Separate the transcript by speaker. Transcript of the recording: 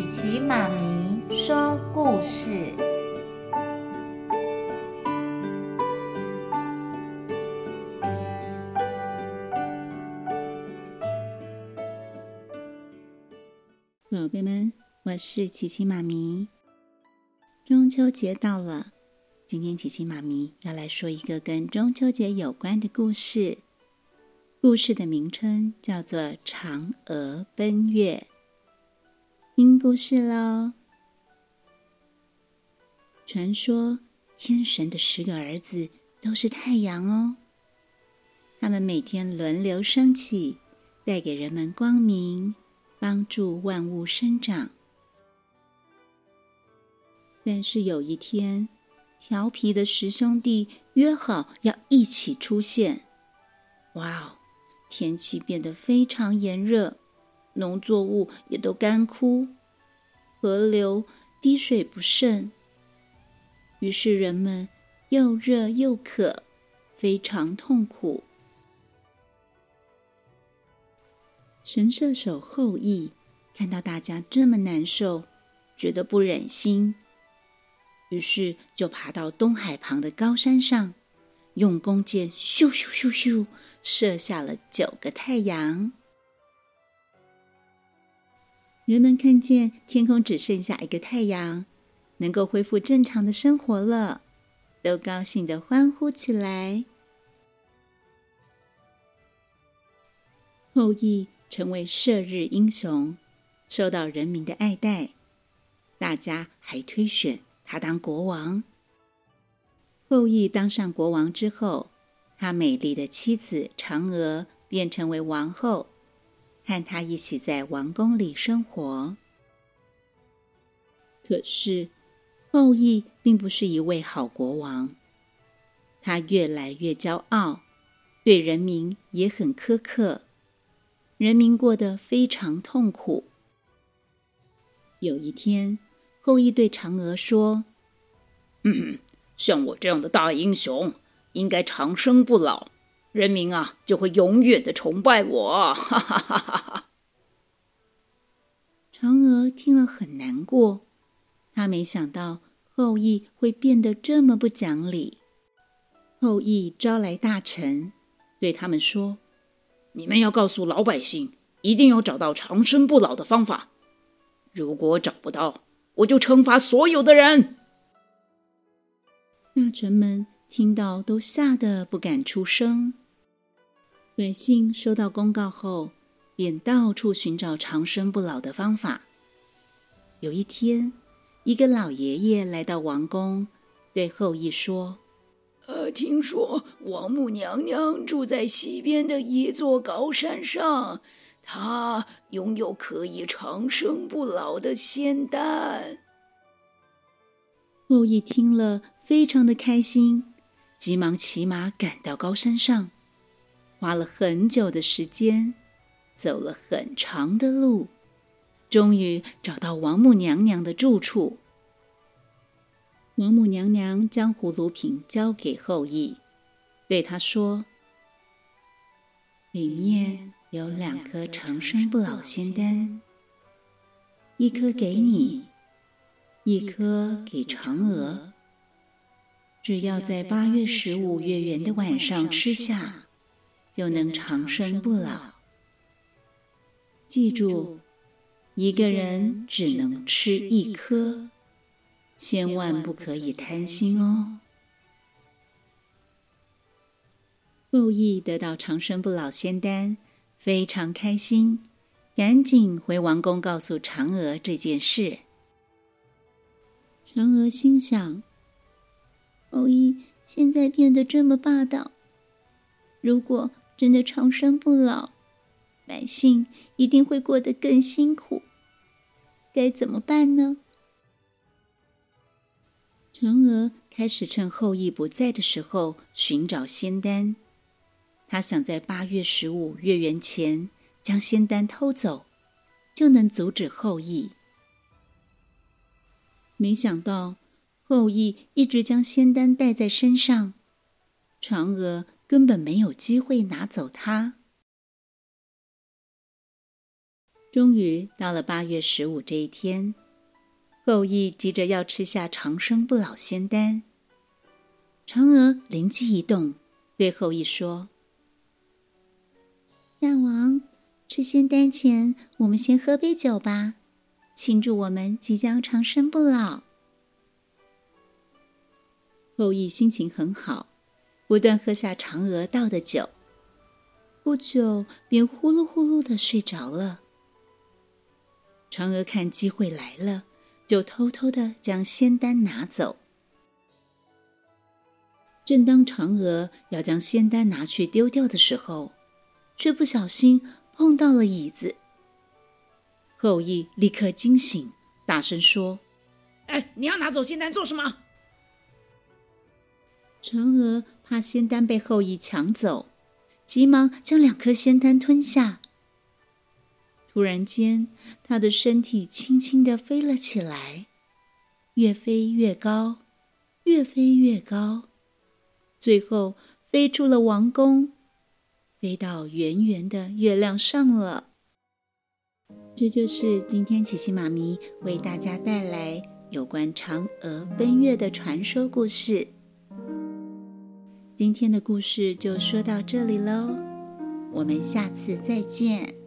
Speaker 1: 琪琪媽咪說故事，寶貝們，我是琪琪媽咪。中秋節到了，今天琪琪媽咪要來說一個跟中秋節有關的故事。故事的名稱叫做《嫦娥奔月》。聽故事嘍！傳說天神的十個兒子都是太陽哦，他們每天輪流升起，帶給人們光明，幫助萬物生長。但是有一天，調皮的十兄弟約好要一起出現，哇哦，天氣變得非常炎熱。農作物也都乾枯，河流滴水不剩。於是人們又熱又渴，非常痛苦。神射手后羿看到大家這麼難受，覺得不忍心，於是就爬到東海旁的高山上，用弓箭咻咻咻咻，咻射下了九個太陽。人們看見天空只剩下一個太陽，能夠恢復正常的生活了，都高興的歡呼起來。後羿成為射日英雄，受到人民的愛戴，大家還推選他當國王。後羿當上國王之後，他美麗的妻子嫦娥便成為王後。和他一起在王宮裡生活，可是後羿並不是一位好國王，他越來越驕傲，對人民也很苛刻，人民過得非常痛苦。有一天，後羿對嫦娥說：“像我這樣的大英雄，應該長生不老，人民啊就會永遠的崇拜我。 ”嫦娥聽了很難過，她沒想到后羿會變得這麼不講理。後羿招來大臣，對他們說：“你們要告訴老百姓，一定要找到長生不老的方法。如果找不到，我就懲罰所有的人。”大臣們聽到都嚇得不敢出聲。百姓收到公告後，便到處尋找長生不老的方法。有一天，一個老爺爺來到王宮，對后羿說：“呃，聽說王母娘娘住在西邊的一座高山上，她擁有可以長生不老的仙丹。”后羿聽了，非常的開心，急忙騎馬趕到高山上，花了很久的時間。走了很長的路，終於找到王母娘娘的住處。王母娘娘將葫蘆瓶交給后羿，對他說：“裡面有兩顆長生不老仙丹，一顆給你，一顆給嫦娥。只要在八月十五月圓的晚上吃下，就能長生不老。”記住，一個人只能吃一顆，千萬不可以貪心哦。後羿、哦、得到長生不老仙丹，非常開心，趕緊回王宮告訴嫦娥這件事。嫦娥心想：后羿現在變得這麼霸道，如果真的長生不老。百姓一定會過得更辛苦，該怎麼辦呢？嫦娥開始趁后羿不在的時候尋找仙丹，她想在八月十五月圓前將仙丹偷走，就能阻止后羿。沒想到后羿一直將仙丹帶在身上，嫦娥根本沒有機會拿走它。終於到了八月十五這一天，後羿急着要吃下長生不老仙丹。嫦娥靈機一動，對后羿說：“大王，吃仙丹前，我們先喝杯酒吧，慶祝我們即將長生不老。”后羿心情很好，不斷喝下嫦娥倒的酒，不久便呼嚕呼嚕地睡着了。嫦娥看機會來了，就偷偷地將仙丹拿走。正當嫦娥要將仙丹拿去丟掉的時候，卻不小心碰到了椅子。後羿立刻驚醒，大聲說：“哎，你要拿走仙丹做什麼？”嫦娥怕仙丹被後羿搶走，急忙將兩顆仙丹吞下。突然間，她的身體輕輕地飛了起來，越飛越高，越飛越高，最後飛出了王宮，飛到圓圓的月亮上了。這就是今天琪琪媽咪為大家帶來有關嫦娥奔月的傳說故事。今天的故事就說到這裡嘍，我們下次再見。